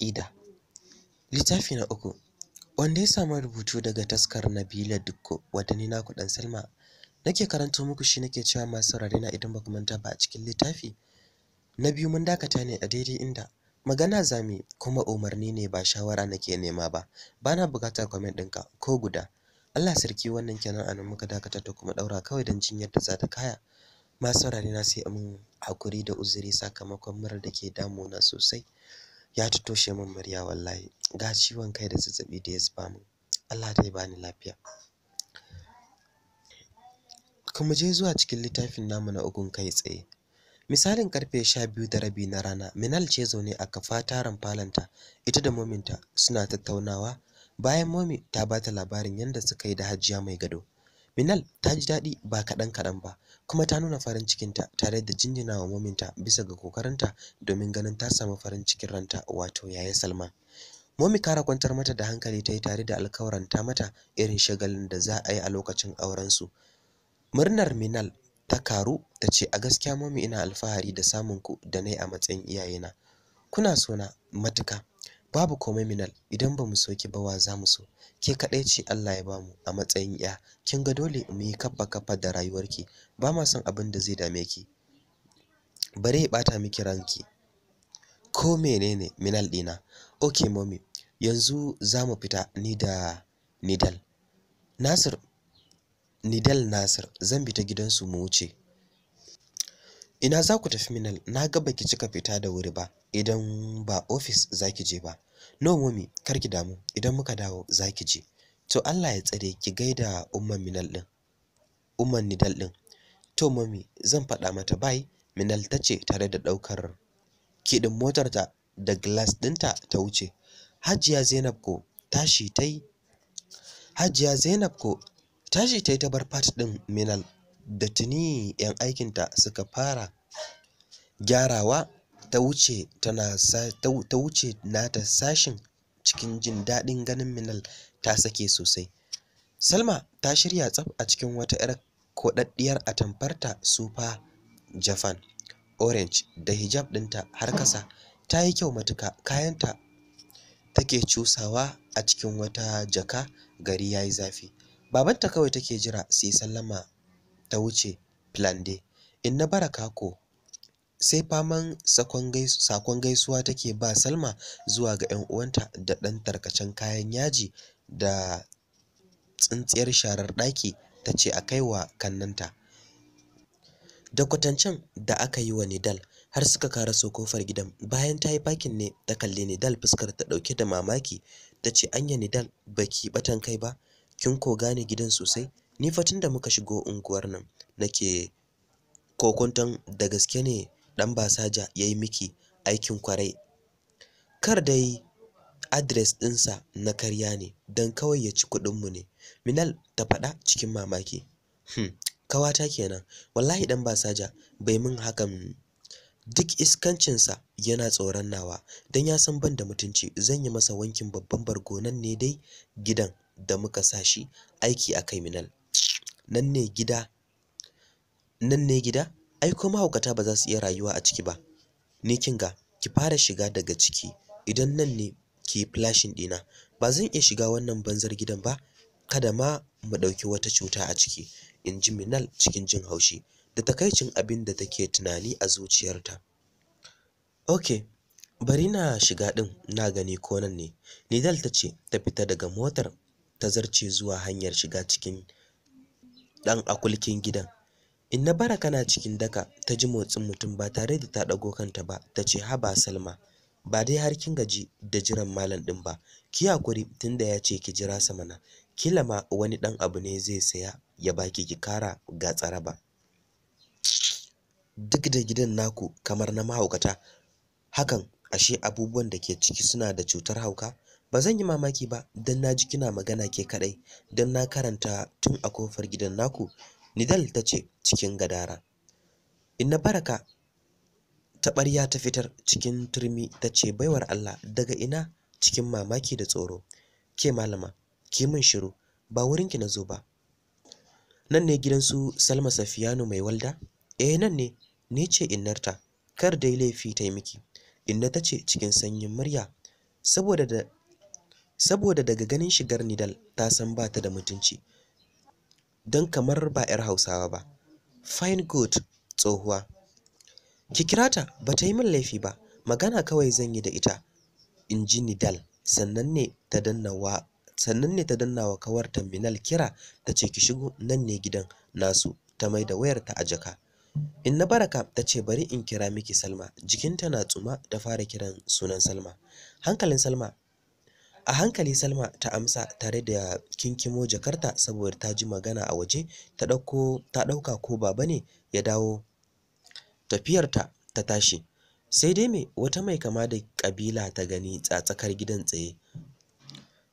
aƙida littafi na uku wanda ya samu rubutu daga taskar Nabila Dukko watanni na kudan Salma nake karanto muku shi nake cewa masu saurare na idan baku manta ba a cikin littafi na biyu mun dakata ne a daidai inda magana zami kuma umarni ne ba shawara nake nema ba bana buƙatar comment ɗinka ko guda Allah sarki wannan kenan a anan muka dakata to kuma ɗaura kawai don jin yadda za ta kaya masu saurare na sai mun hakuri da uzuri sakamakon murar da ke damuna sosai ya toshe min murya wallahi ga ciwon kai da zazzabi da ya zuba min Allah ta bani lafiya kuma je zuwa cikin littafin namu na ugun kai tsaye misalin karfe sha biyu da rabi na rana minal ce zaune a kafa taron falanta ita da mominta suna tattaunawa bayan momi ta bata labarin yadda suka yi da hajiya mai gado Minal ta ji daɗi ba kaɗan kaɗan ba kuma ta nuna farin cikinta tare da jinjina wa mominta bisa ga kokarinta domin ganin ta samu farin cikin ranta wato yaya Salma. Momi kara kwantar mata da hankali ta yi tare da alkawaranta mata irin shagalin da za a yi a lokacin aurensu. Murnar Minal ta karu ta ce a gaskiya momi ina alfahari da samun ku da na yi a matsayin iyayena. Kuna sona matuka babu komai minal idan ba mu so ki ba wa za mu so ke kaɗai ce Allah ya bamu a matsayin ya kin ga dole mu yi kafa kafa da rayuwarki ba ma son abin da zai dame ki bare ya bata miki ranki ko menene minal dina okay mommy yanzu za mu fita ni da nidal nasir nidal nasir zan bi ta gidansu mu wuce ina za ku tafi minal na ga baki cika fita da wuri ba idan ba ofis za ki je ba no mummy kar ki damu idan muka dawo za ki je to Allah ya tsare ki gaida umman minal din umman nidal din to mummy zan faɗa mata bai minal tace tare da ɗaukar kiɗin motarta da glass ɗinta ta wuce hajiya zainab ko tashi ta hajiya zainab ko tashi ta ta bar part ɗin minal da tuni 'yan aikinta suka fara gyarawa ta wuce tana ta nata sashin cikin jin daɗin ganin Minal ta sake sosai. Salma ta shirya tsaf a cikin wata 'yar koɗaɗɗiyar atamfarta Super Japan orange da hijab ɗinta har kasa ta yi kyau matuka kayanta take cusawa a cikin wata jaka gari ya yi zafi babanta kawai take jira sai sallama ta wuce plan day in na baraka ko sai faman sakon gaisuwa take ba Salma zuwa ga 'yan uwanta da ɗan tarkacen kayan yaji da tsintsiyar sharar ɗaki ta ce a kai wa kannanta. Da kwatancin da aka yi wa Nidal har suka karaso kofar gidan bayan ta yi fakin ne ta kalli Nidal fuskar ta ɗauke da mamaki ta ce anya Nidal baki batan kai ba kin ko gane gidan sosai ni fa tun da muka shigo unguwar nan nake kokuntan da gaske ne ɗan basaja ya yi miki aikin kwarai kar dai adres ɗinsa na karya ne don kawai ya ci kuɗinmu ne minal ta faɗa cikin mamaki hmm. kawata kenan wallahi ɗan basaja bai min hakan duk iskancinsa yana tsoron nawa don ya san ban da mutunci zan yi masa wankin babban bargonan ne dai gidan da muka sa shi aiki a kai minal nan ne gida nan ne gida ai ko mahaukata ba za su iya rayuwa a ciki ba ni kin ga ki fara shiga daga ciki idan nan ne ki flashing dina ba zan iya shiga wannan banzar gidan ba kada ma mu ɗauki wata cuta a ciki in ji minal cikin jin haushi da takaicin abin da take tunani a zuciyarta ok bari na shiga ɗin na gani ko nan ne nidal ta ce ta fita daga motar ta zarce zuwa hanyar shiga cikin ɗan akulkin gidan Inna bara kana cikin daka ta ji motsin mutum ba tare da ta ɗago kanta ba ta ce haba Salma ba dai har kin gaji da jiran malam ɗin ba ki hakuri tunda ya ce ki jira sa mana kila ma wani ɗan abu ne zai saya ya baki ki kara ga tsaraba duk da gidan naku kamar na mahaukata hakan ashe abubuwan da ke ciki suna da cutar hauka ba zan yi mamaki ba don na ji kina magana ke kaɗai don na karanta tun a kofar gidan naku Nidal ta ce cikin gadara. Inna baraka ta ɓarya ta fitar cikin turmi ta ce baiwar Allah daga ina cikin mamaki da tsoro. Ke malama, ki mun shiru, ba wurin ki na zo ba. Nan ne gidansu Salma Safiyanu mai walda? Eh nan ne, ni ce innarta, kar dai laifi ta yi miki. Inna ta ce cikin sanyin murya, saboda saboda daga ganin shigar Nidal ta san ba ta da mutunci. don kamar ba 'yar Hausawa ba. Fine good tsohuwa. Ki kira ta ba ta yi min laifi ba, magana kawai zan yi da ita, in ji Nidal, sannan ne ta danna wa sannan ne kawarta Minal kira ta ce ki shigo nan ne gidan nasu ta mai da wayarta a jaka. In na Baraka ta ce bari in kira miki Salma, jikinta na tsuma ta fara kiran sunan Salma. Hankalin Salma A hankali Salma ta amsa tare da kinkimo jakarta saboda ta ji magana a waje ta ɗauka ko baba ne ya dawo tafiyarta ta tashi. Sai dai me wata mai kama da kabila ta gani tsatsakar gidan tsaye.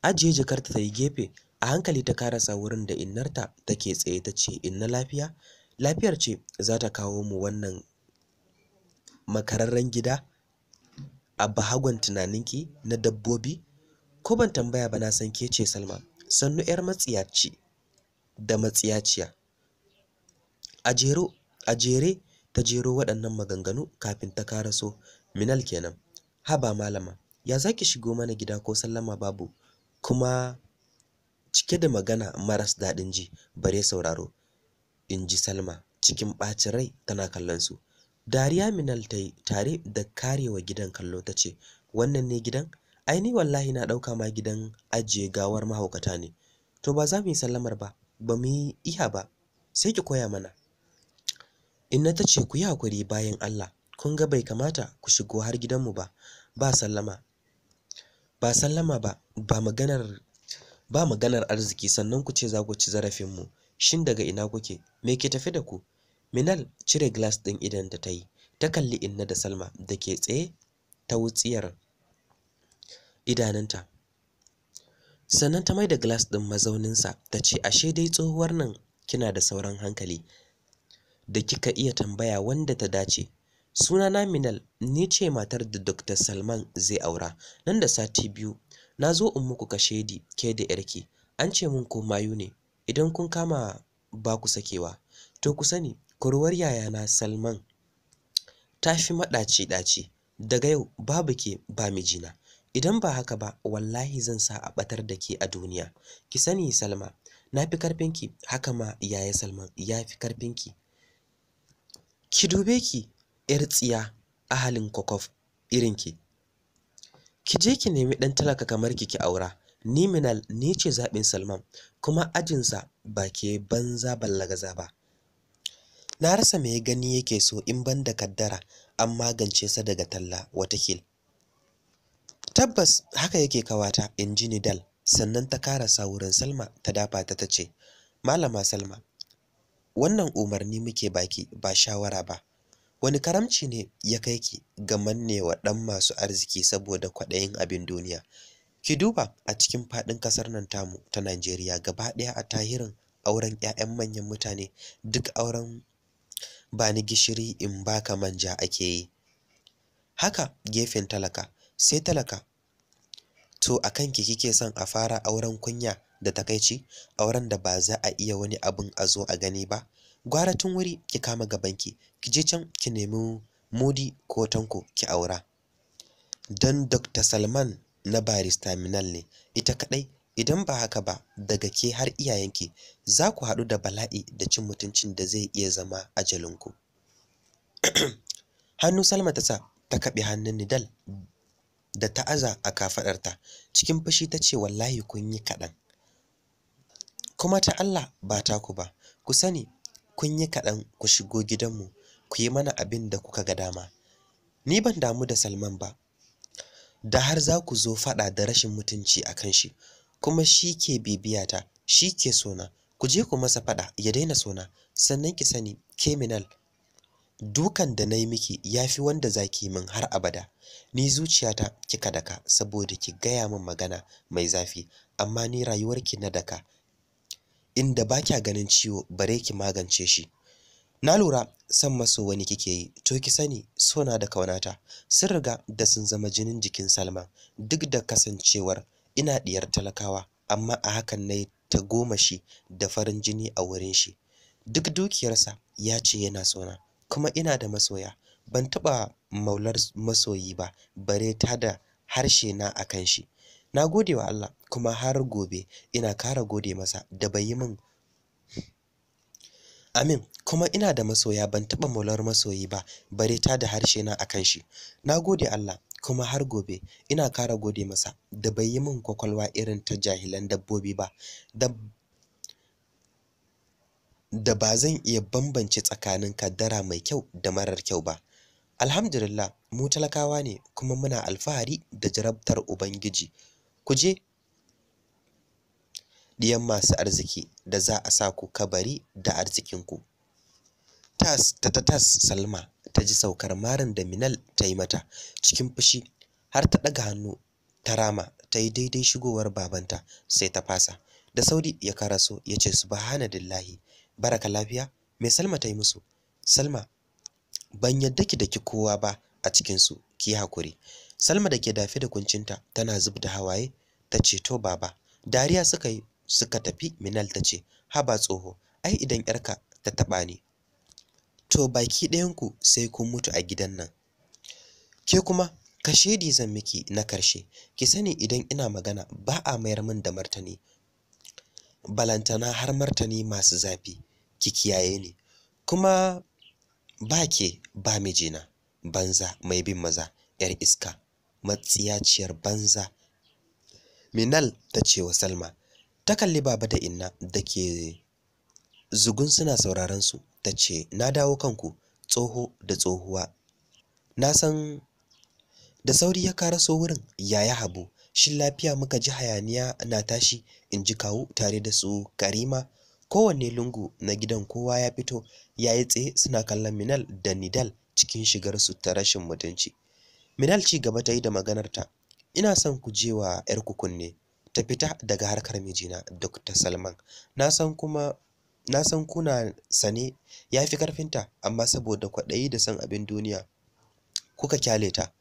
Ajiye jakarta ta yi gefe a hankali ta karasa wurin da innarta take tsaye ta ce inna lafiya lafiyar ce za ta kawo mu wannan makararren gida a bahagon tunaninki na dabbobi ko ban tambaya ba na san ke ce Salma sannu yar matsiyaci da matsiyaciya a jero a jere ta jero waɗannan maganganu kafin ta karaso minal kenan haba malama ya zaki shigo mana gida ko sallama babu kuma cike da magana maras daɗin ji bare sauraro in ji salma cikin ɓacin rai tana kallon su dariya minal ta tare da karewa gidan kallo ta ce wannan ne gidan ai ni wallahi na ɗauka ma gidan ajiye gawar mahaukata ne to ba za mu yi sallamar ba ba mu yi iya ba sai ki koya mana inna ta ce ku yi hakuri bayan Allah kun ga bai kamata ku shigo har gidanmu ba ba sallama ba sallama ba ba maganar ba maganar arziki sannan ku ce za ku ci zarafinmu shin daga ina kuke me ke tafi da ku minal cire glass ɗin idan da ta yi ta kalli inna da salma da ke tsaye ta wutsiyar idanunta sannan ta mai da glass ɗin mazauninsa ta ce ashe dai tsohuwar nan kina da sauran hankali da kika iya tambaya wanda ta dace Suna na minal ni ce matar da dr salman zai aura nan da sati biyu na zo in muku kashedi ke da yarki an ce mun ko mayu ne idan kun kama ba ku sakewa to ku sani kurwar yayana salman ta fi maɗaci-ɗaci daga yau babu ke ba mijina idan ba haka ba wallahi zan sa a batar da ke a duniya ki sani salma na fi karfinki haka ma yaya salman ya fi karfinki ki dube ki yar tsiya a halin kokof irin ki Ki je ki nemi ɗan talaka kamar ki ki aura ni minal ni ce zaɓin salman kuma ajinsa ba ke banza ballagaza ba na rasa mai gani yake so in ban da kaddara an magance sa daga talla watakil tabbas haka yake kawata in ji ni dal sannan ta karasa wurin salma ta dafa ta ta ce malama salma wannan umarni muke baki ba shawara ba wani karamci ne ya kai ki ga mannewa ɗan masu arziki saboda kwaɗayin abin duniya ki duba a cikin faɗin ƙasar nan tamu ta najeriya gaba ɗaya a tahirin auren 'ya'yan manyan mutane duk auren bani gishiri in baka manja ake yi haka gefen talaka sai talaka to a kanki kike son a fara auren kunya da takaici auren da ba za a iya wani abun a zo a gani ba gwara tun wuri ki kama gabanki ki je can ki nemi mudi ko tanko ki aura don dr salman na barista minal ne ita kadai idan ba haka ba daga ke har iyayenki za ku haɗu da bala'i da cin mutuncin da zai iya zama ajalinku hannu salma ta sa ta kaɓe hannun nidal da ta'aza aza a kafadarta cikin fushi ta ce wallahi kun yi kaɗan kuma ta Allah ba ta ku ba ku sani kun yi kaɗan ku shigo gidanmu ku yi mana abin da kuka ga dama ni ban damu da Salman ba da har za ku zo faɗa da rashin mutunci a kan shi kuma shi ke bibiyata shi ke sona ku je ku masa faɗa ya daina sona sannan ki sani keminal dukan da na yi miki ya fi wanda za ki min har abada ni zuciyata kika daka saboda ki gaya min magana mai zafi amma ni rayuwarki na daka inda ba kya ganin ciwo bare ki magance shi na lura san maso wani kike yi to ki sani sona da kaunata sun riga da sun zama jinin jikin salma duk da kasancewar ina diyar talakawa amma a hakan na yi ta goma shi da farin jini a wurin shi duk dukiyarsa ya ce yana sona kuma ina da masoya ban taɓa maular masoyi ba bare ta da harshe na kan shi na gode wa Allah kuma har gobe ina kara gode masa da bai yi min Amin kuma ina da masoya ban taɓa maular masoyi ba bare ta da harshe na akan shi na gode Allah kuma har gobe ina kara gode masa da bai yi min kwakwalwa irin ta jahilan dabbobi ba da da ba zan iya bambance tsakanin kaddara mai kyau da marar kyau ba. Alhamdulillah, mu talakawa ne kuma muna alfahari da jarabtar Ubangiji. Ku je ɗiyan masu arziki da za a sa ku kabari da arzikinku. Tas ta ta tas Salma ta ji saukar marin da Minal ta yi mata cikin fushi har ta ɗaga hannu ta rama ta yi daidai shigowar babanta sai ta fasa. Da sauri ya karaso ya ce subhanallahi baraka lafiya me Salma ta yi musu Salma ban yadda ki da ki kowa ba a cikin su ki hakuri Salma da ke dafe da kuncinta tana zub da hawaye ta ce to baba dariya suka yi suka tafi Minal ta ce haba tsoho ai idan yarka ta taba ni to baki ɗayanku sai kun mutu a gidan nan ke kuma kashedi zan miki na karshe ki sani idan ina magana ba a mayar min da martani balantana har martani masu zafi ki kiyaye ni kuma ba ke ba mijina banza mai bin maza yar iska matsiyaciyar banza minal ta ce wa salma ta kalli baba da inna da ke zugun suna sauraron su ta ce na dawo kanku tsoho da tsohuwa na san da sauri ya karaso wurin yaya habu shin lafiya muka ji hayaniya na tashi in ji kawu tare da su karima kowanne lungu na gidan kowa ya fito ya yi tsaye suna kallon minal da nidal cikin shigarsu ta rashin mutunci minal ci gaba ta yi da maganarta ina son ku je wa 'yar kunne ta fita daga harkar mijina dr salman na san kuna sane ya fi karfinta amma saboda kwaɗayi da son abin duniya kuka kyale ta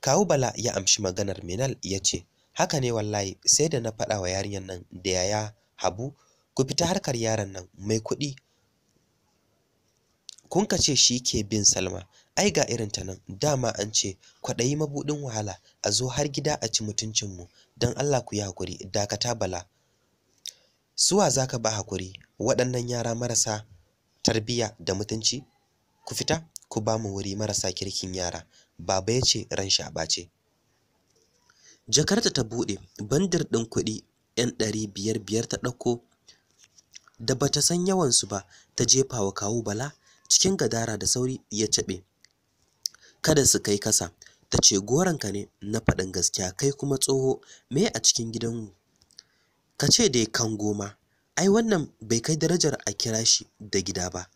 kawu bala ya amshi maganar minal ya ce haka ne wallahi sai da na faɗa wa yarinyar nan da yaya habu ku fita harkar yaron nan mai kuɗi kun ka ce shi ke bin salma ai ga irin ta nan dama an ce kwaɗayi mabuɗin wahala a zo har gida a ci mutuncinmu don allah ku yi hakuri dakata bala suwa za ka ba hakuri waɗannan yara marasa tarbiyya da mutunci ku fita ku ba mu wuri marasa kirkin yara baba ya ce ran shaɓa ce. jakarta ta buɗe bandar ɗin kuɗi 'yan ɗari biyar biyar ta ɗauko da bata san yawansu ba ta jefa wa kawo bala cikin gadara da sauri ya caɓe kada su kai kasa ta ce goranka ne na faɗin gaskiya kai kuma tsoho me a cikin gidanmu ka ce dai kan goma ai wannan bai kai darajar a kira shi da gida ba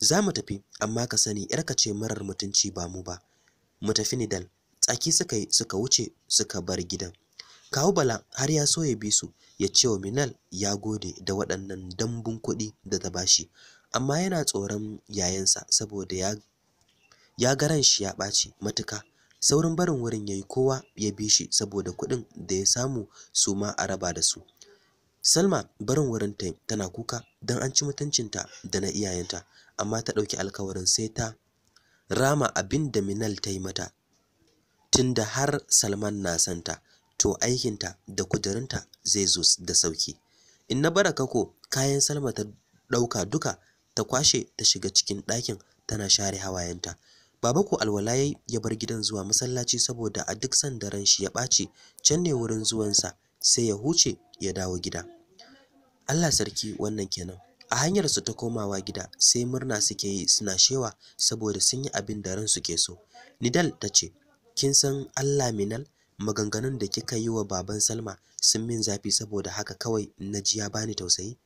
za mu tafi amma ka sani yarka ce marar mutunci ba mu ba mu tafi ni dal tsaki suka yi suka wuce suka bar gidan kawu bala har ya so ya bi su ya ce wa minal ya gode da waɗannan dambun kuɗi da ta bashi amma yana tsoron yayansa saboda ya ya garan shi ya ɓaci matuka saurin barin wurin ya yi kowa ya bi shi saboda kuɗin da ya samu su ma a raba da su Salma barin wurin ta tana kuka don an ci mutuncinta da na iyayenta amma ta ɗauki alkawarin sai ta rama abin da Minal ta yi mata tunda har Salman na santa to aikinta da kudurinta zai zo da sauki na baraka ko kayan Salma ta ɗauka duka ta kwashe ta shiga cikin ɗakin tana share hawayenta baba ko alwala ya bar gidan zuwa masallaci saboda a duk sanda ran shi ya ɓaci can ne wurin zuwansa sai ya huce ya dawo gida Allah sarki wannan kenan a hanyar su ta komawa gida sai murna suke yi suna shewa saboda sun yi abin da ransu ke so Nidal ta ce kin san Allah minal maganganun da kika yi wa baban Salma sun min zafi saboda haka kawai na ji ya bani tausayi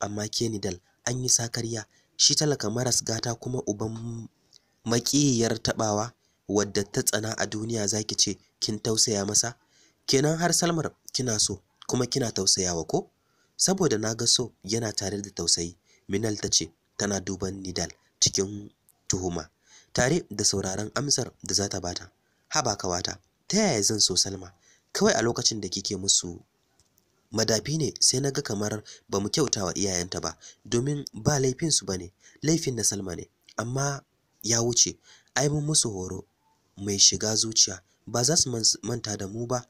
amma ke ni dal an yi sakarya shi talaka maras gata kuma uban makiyar tabawa wadda ta tsana a duniya zaki ce kin tausaya masa kenan har Salmar kina so kuma kina tausayawa ko saboda na ga so yana tare da tausayi Minal ta ce tana duban Nidal cikin tuhuma tare da sauraron amsar da za ta bata haba kawata ta yaya zan so salma kawai a lokacin da kike musu madafi ne sai na ga kamar ba mu kyauta wa iyayenta ba domin ba laifinsu ba ne laifin na salma ne amma ya wuce ai mun musu horo mai shiga zuciya ba za su manta da mu ba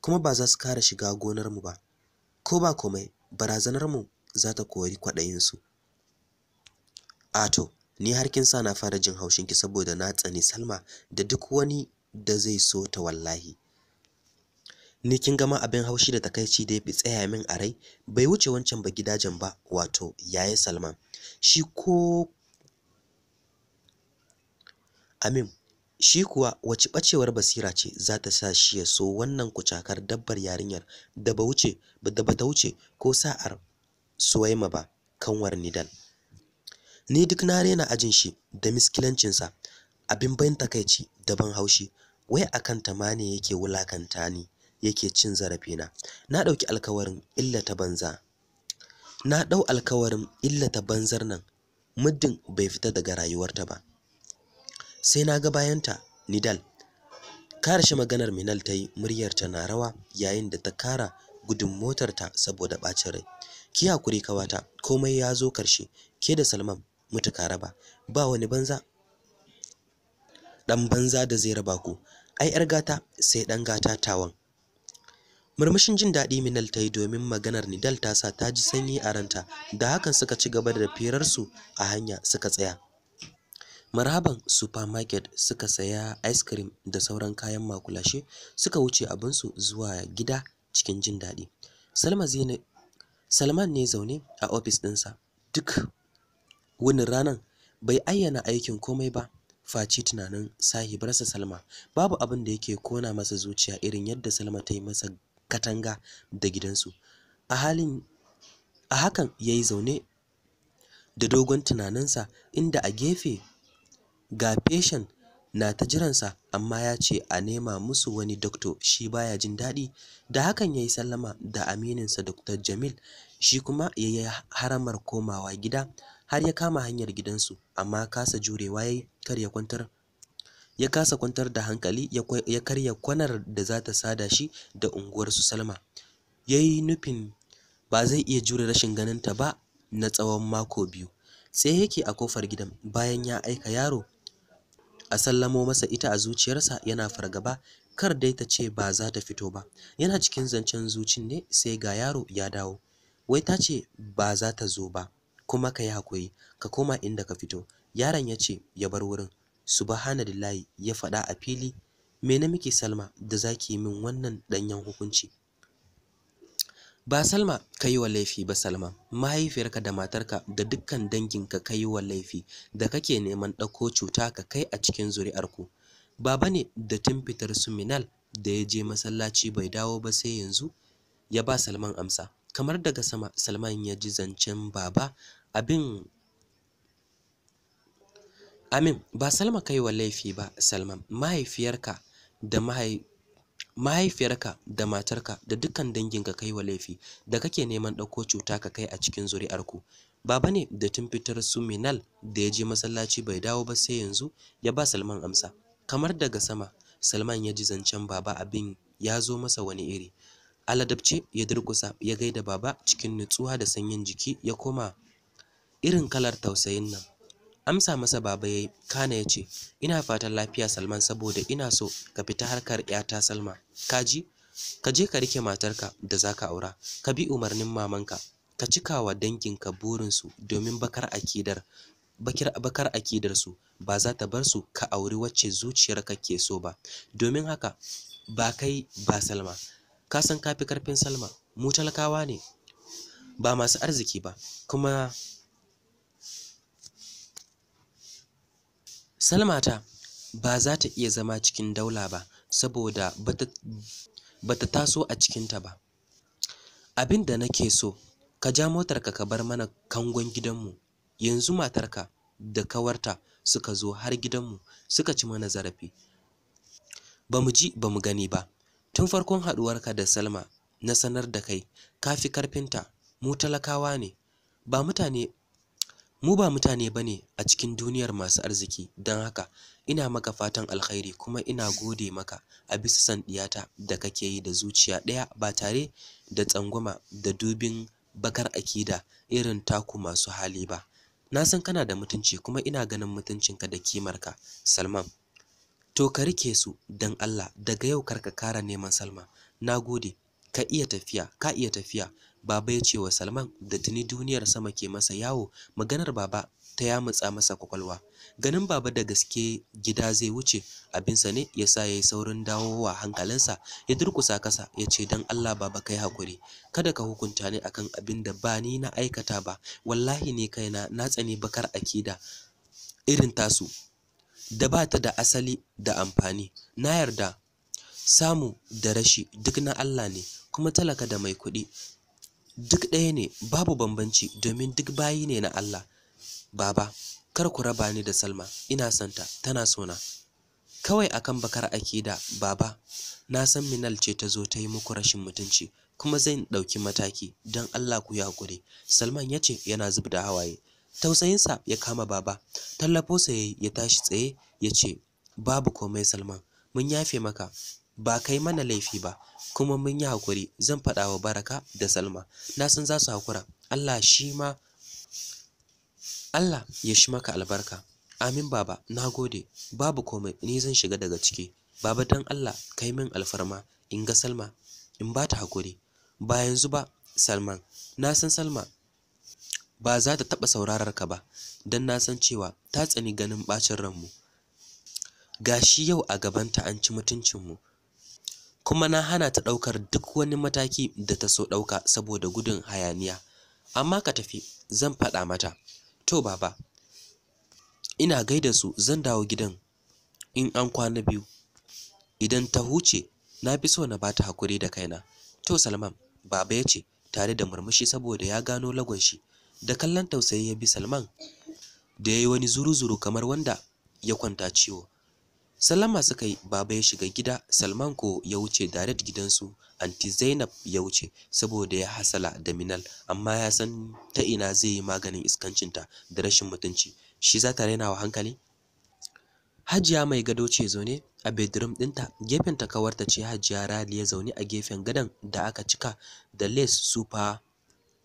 kuma ba za su kara shiga gonar mu ba ko ba komai barazanar mu za ta kori kwaɗayinsu ato ni har kin sa na fara jin haushin ki saboda na tsani salma da duk wani da zai so ta wallahi ni kin gama abin haushi da takaici da ya fi tsaya min a rai bai wuce wancan ba gidajen ba wato yaye salman shi ko amin shi kuwa wace ɓacewar basira ce za ta sa shi ya so wannan kucakar dabbar yarinyar da ba wuce da ba ta wuce ko sa'ar suwaima ba kanwar nidal ni duk na rena ajin shi da miskilancinsa abin bayan takaici da ban haushi wai akan ta ma ne yake wulakanta ni yake cin zarafi na Na ɗauki alkawarin illata banza na ɗau alkawarin illata banzar nan muddin bai fita daga rayuwarta ba sai na ga bayan ta nidal karshe maganar minal ta yi muryarta na rawa yayin da ta kara gudun motarta saboda ɓacin rai ki hakuri kawata komai ya zo karshe ke da salman mutuka ba ba wani banza dan banza da zai raba ku ai yar gata sai dan gata tawan murmushin jin daɗi minal ta domin maganar nidal ta sa ta ji sanyi a ranta da hakan suka ci gaba da firarsu a hanya suka tsaya marhaban supermarket suka saya ice cream da sauran kayan makulashe suka wuce su zuwa gida cikin jin daɗi salman ne zaune a ofis ɗinsa duk wani ranan bai ayyana aikin komai ba Faci tunanin sahibarsa Salma babu abin da yake kona masa zuciya irin yadda Salma ta yi masa katanga da gidansu a halin a hakan ya yi zaune da dogon tunaninsa inda a gefe ga feshen na ta jiransa amma ya ce a nema musu wani dokto shi baya jin daɗi da hakan ya yi sallama da amininsa Dr. Jamil shi kuma ya yi haramar komawa gida har ya kama hanyar gidansu amma kasa jurewa yayi kar ya kwantar ya kasa kwantar da hankali ya karya kwanar da za ta sada shi da unguwar su Salma yayi nufin ba zai iya jure rashin ganin ta ba na tsawon mako biyu sai yake a kofar gidan bayan ya aika yaro a sallamo masa ita a zuciyarsa yana fargaba kar dai ta ce ba za ta fito ba yana cikin zancen zucin ne sai ga yaro ya dawo wai ta ce ba za ta zo ba kuma ka yi haƙuri ka koma inda ka fito yaron ya ce ya bar wurin subhanallahi ya faɗa a fili me na miki salma da zaki min wannan ɗanyen hukunci ba salma ka yi wa laifi ba salma mahaifiyarka da matarka da dukkan danginka ka yi wa laifi da kake neman ɗauko cuta ka kai a cikin zuri'arku baba ne da tun fitar su da ya je masallaci bai dawo ba sai yanzu ya ba salman amsa kamar daga sama salman ya ji zancen baba abin amin ba salma kai wa laifi ba salman mahaifiyarka da mahaifiyarka da matarka da dukkan danginka kai wa laifi da kake neman ɗauko cuta ka kai a cikin zuri'arku baba ne da tun fitar su minal da ya je masallaci bai dawo ba sai yanzu ya ba salman amsa kamar daga sama salman ya ji zancen baba abin ya zo masa wani iri aladabce ya durkusa ya gaida baba cikin nutsuwa da sanyin jiki ya koma irin kalar tausayin nan amsa masa baba yayi kana yace ina fatan lafiya salman saboda ina so ka fita harkar yata salma kaji ka je ka rike matarka da zaka aura ka bi umarnin mamanka ka cika wa danginka burinsu domin bakar akidar bakir bakar akidarsu ba za ta bar su ka auri wacce zuciyarka ke so ba domin haka ba kai ba salma ka san kafi karfin salma mu talakawa ne ba masu arziki ba kuma salma ta ba za ta iya zama cikin daula ba saboda ba ta taso a cikinta ba abin da nake so ka ja motarka ka bar mana kangon gidanmu yanzu matarka da kawarta suka zo har gidanmu suka ci mana zarafi ba mu ji ba mu gani ba tun farkon haɗuwarka da salma na sanar da kai ka fi karfinta mu talakawa ne ba mutane mu ba mutane bane a cikin duniyar masu arziki don haka ina maka fatan alkhairi kuma ina gode maka a bisa san ɗiyata da kake yi da zuciya ɗaya ba tare da tsangwama da dubin bakar akida irin taku masu hali ba na san kana da mutunci kuma ina ganin mutuncinka da kimarka salman to ka rike su dan Allah daga yau karka kara neman Salma Na gode, ka iya tafiya ka iya tafiya baba ya ce wa Salman da tuni duniyar sama ke masa yawo maganar baba ta yamutsa masa kwakwalwa ganin baba da gaske gida zai wuce abinsa ne ya sa ya yi saurin dawowa hankalinsa ya durkusa kasa ya ce don allah baba kai hakuri kada ka hukunta ni akan abin da ba ni na aikata ba wallahi ne kaina na tsani bakar akida irin tasu da ba ta da asali da amfani na yarda samu da rashi duk na Allah ne kuma talaka da mai kuɗi duk ɗaya ne babu bambanci domin duk bayi ne na Allah baba kar ku raba ni da Salma ina santa tana sona kawai akan bakar akida baba na san Minal ce ta zo ta yi muku rashin mutunci kuma zan ɗauki mataki don Allah ku yi haƙuri Salman ya ce yana zub da hawaye tausayinsa ya kama baba tallafo sa yayi ya tashi tsaye ya ce babu komai salman mun yafe maka ba kai mana laifi ba kuma mun yi hakuri zan faɗa wa baraka da salma na san za su hakura allah shi ma allah ya shi maka albarka amin baba na gode babu komai ni zan shiga daga ciki baba don allah kai min alfarma in ga salma in ba ta hakuri ba yanzu ba salman na san salma ba za ta taɓa saurarar ka ba don na san cewa ta tsani ganin ɓacin ranmu ga shi yau a gabanta an ci mutuncinmu kuma na hana ta ɗaukar duk wani mataki da ta so ɗauka saboda gudun hayaniya amma ka tafi zan faɗa mata to baba ina gaida su zan dawo gidan in an kwana biyu idan ta huce na fi so na bata hakuri da kaina to salman baba ya ce tare da murmushi saboda ya gano lagon shi da kallon tausayi ya bi Salman da yayi wani zuru-zuru kamar wanda ya kwanta ciwo. salama suka yi baba ya shiga gida Salman ko ya wuce direct gidansu anti Zainab ya wuce saboda ya hasala da Minal amma ya san ta ina zai yi maganin iskancinta da rashin mutunci shi za ta raina wa hankali Hajiya mai gado ce zaune a bedroom ɗinta gefen ta kawarta ce Hajiya Rali ya zaune a gefen gadon da aka cika da lace super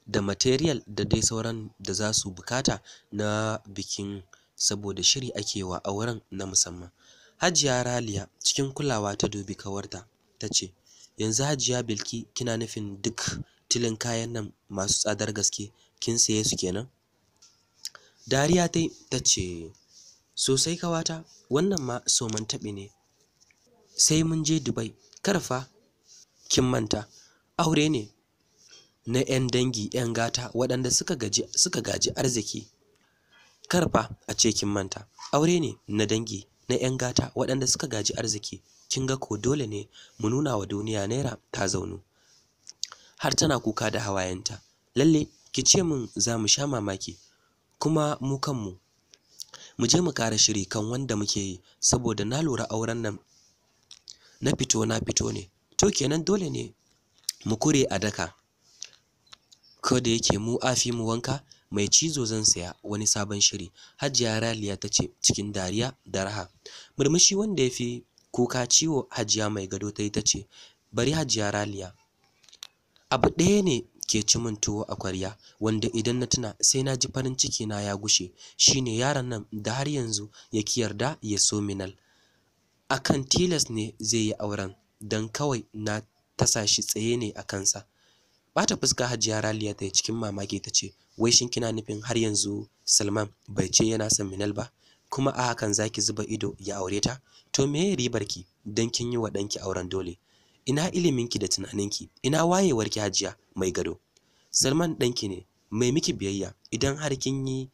da material da dai sauran da za su bukata na bikin saboda shiri ake wa auren na musamman. Hajiya Raliya cikin kulawa ta dubi kawarta ta ce, yanzu Hajiya Bilki kina nufin duk tilin kayan nan masu tsadar gaske kin saye su kenan? Dariya ta ta ce, sosai kawata wannan ma soman taɓi ne. Sai mun je Dubai, kar fa kin manta, aure ne na 'yan dangi 'yan gata waɗanda suka gaji arziki karfa a ce kin manta aure ne na dangi na 'yan gata waɗanda suka gaji arziki kin ga ko dole ne mu nuna wa duniya naira ta zaunu har tana kuka da hawayenta lalle ki ce min za mu sha mamaki kuma mu kanmu mu je mu ƙara shiri kan wanda muke yi saboda na lura auren nan na fito na fito ne to kenan dole ne mu kure a daka Ko da yake mu a mu wanka, mai cizo zan saya wani sabon shiri. Hajiya Raliya ta ce cikin dariya da raha. Murmushi wanda ya fi kuka ciwo Hajiya mai gado ta yi ta ce, bari Hajiya Raliya. Abu ɗaya ne ke ci min tuwo a kwarya wanda idan na tuna sai na ji farin ciki na ya gushe shine yaron nan da har yanzu ya ki yarda ya so minal akan tilas ne zai yi auren don kawai na tasa shi tsaye ne a kansa Ba ta fuska Hajiya Raliya ta yi cikin mamaki ta ce, "Wai shin kina nufin har yanzu Salman bai ce yana san Minal ba? Kuma a hakan zaki zuba ido ya aure ta? To me ribar ki dan kin yi wa danki auren dole? Ina iliminki da tunaninki? Ina wayewar ki Hajiya mai gado?" Salman danki ne, mai miki biyayya idan har kin yi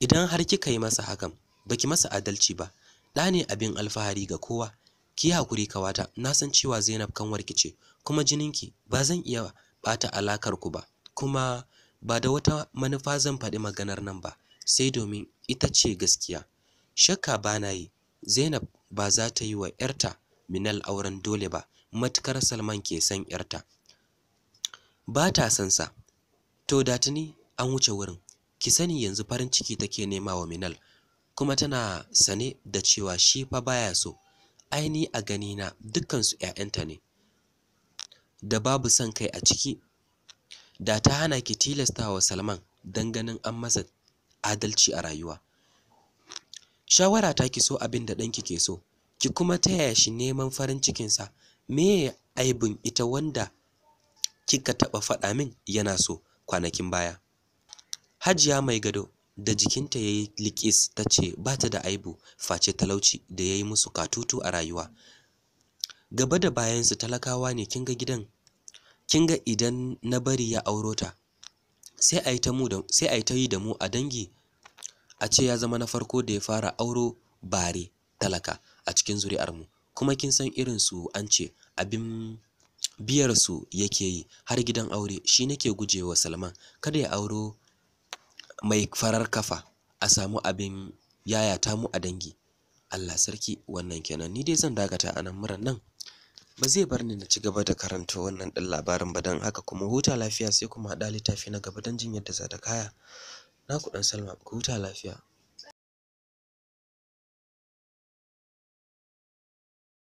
idan har kika yi masa hakan, baki masa adalci ba. Ɗa ne abin alfahari ga kowa. Ki hakuri kawata, na san cewa Zainab kanwar ki ce, kuma jininki ba zan iya ɓata alakar ku ba kuma ba da wata manufa zan faɗi maganar nan ba sai domin ita ce gaskiya shakka ba na yi Zainab ba za ta yi wa 'yarta Minal auren dole ba matukar Salman ke san 'yarta ba ta san sa to da tuni an wuce wurin ki sani yanzu farin ciki take nema wa Minal kuma tana sane da cewa shi fa baya so aini a ganina dukkansu 'ya'yanta ne da babu son kai a ciki da ta hana ki tilasta wa Salman don ganin an masa adalci a rayuwa. Shawara ta ki so abin da ɗanki ke so, ki kuma taya shi neman farin cikinsa, me aibin ita wanda kika taɓa faɗa min yana so kwanakin baya. Hajiya mai gado da jikinta ya yi likis ta ce ba ta da aibu face talauci da ya yi musu katutu a rayuwa. Gaba da bayansu talakawa ne kin ga gidan kin ga idan na bari ya auro ta sai a yi ta da yi da mu a dangi a ce ya zama na farko da ya fara auro bare talaka a cikin zuri'ar mu kuma kin san irin su an ce abin biyar su yake yi har gidan aure shi nake gujewa Salman kada ya auro mai farar kafa a samu abin yayata mu a dangi Allah sarki wannan kenan ni dai zan dakata a nan muran nan ba zai bar ni na ci gaba da karanta wannan ɗan labarin ba don haka kuma huta lafiya sai kuma haɗa littafi na gaba don jin yadda za ta kaya. ku ɗan Salma, ku huta lafiya.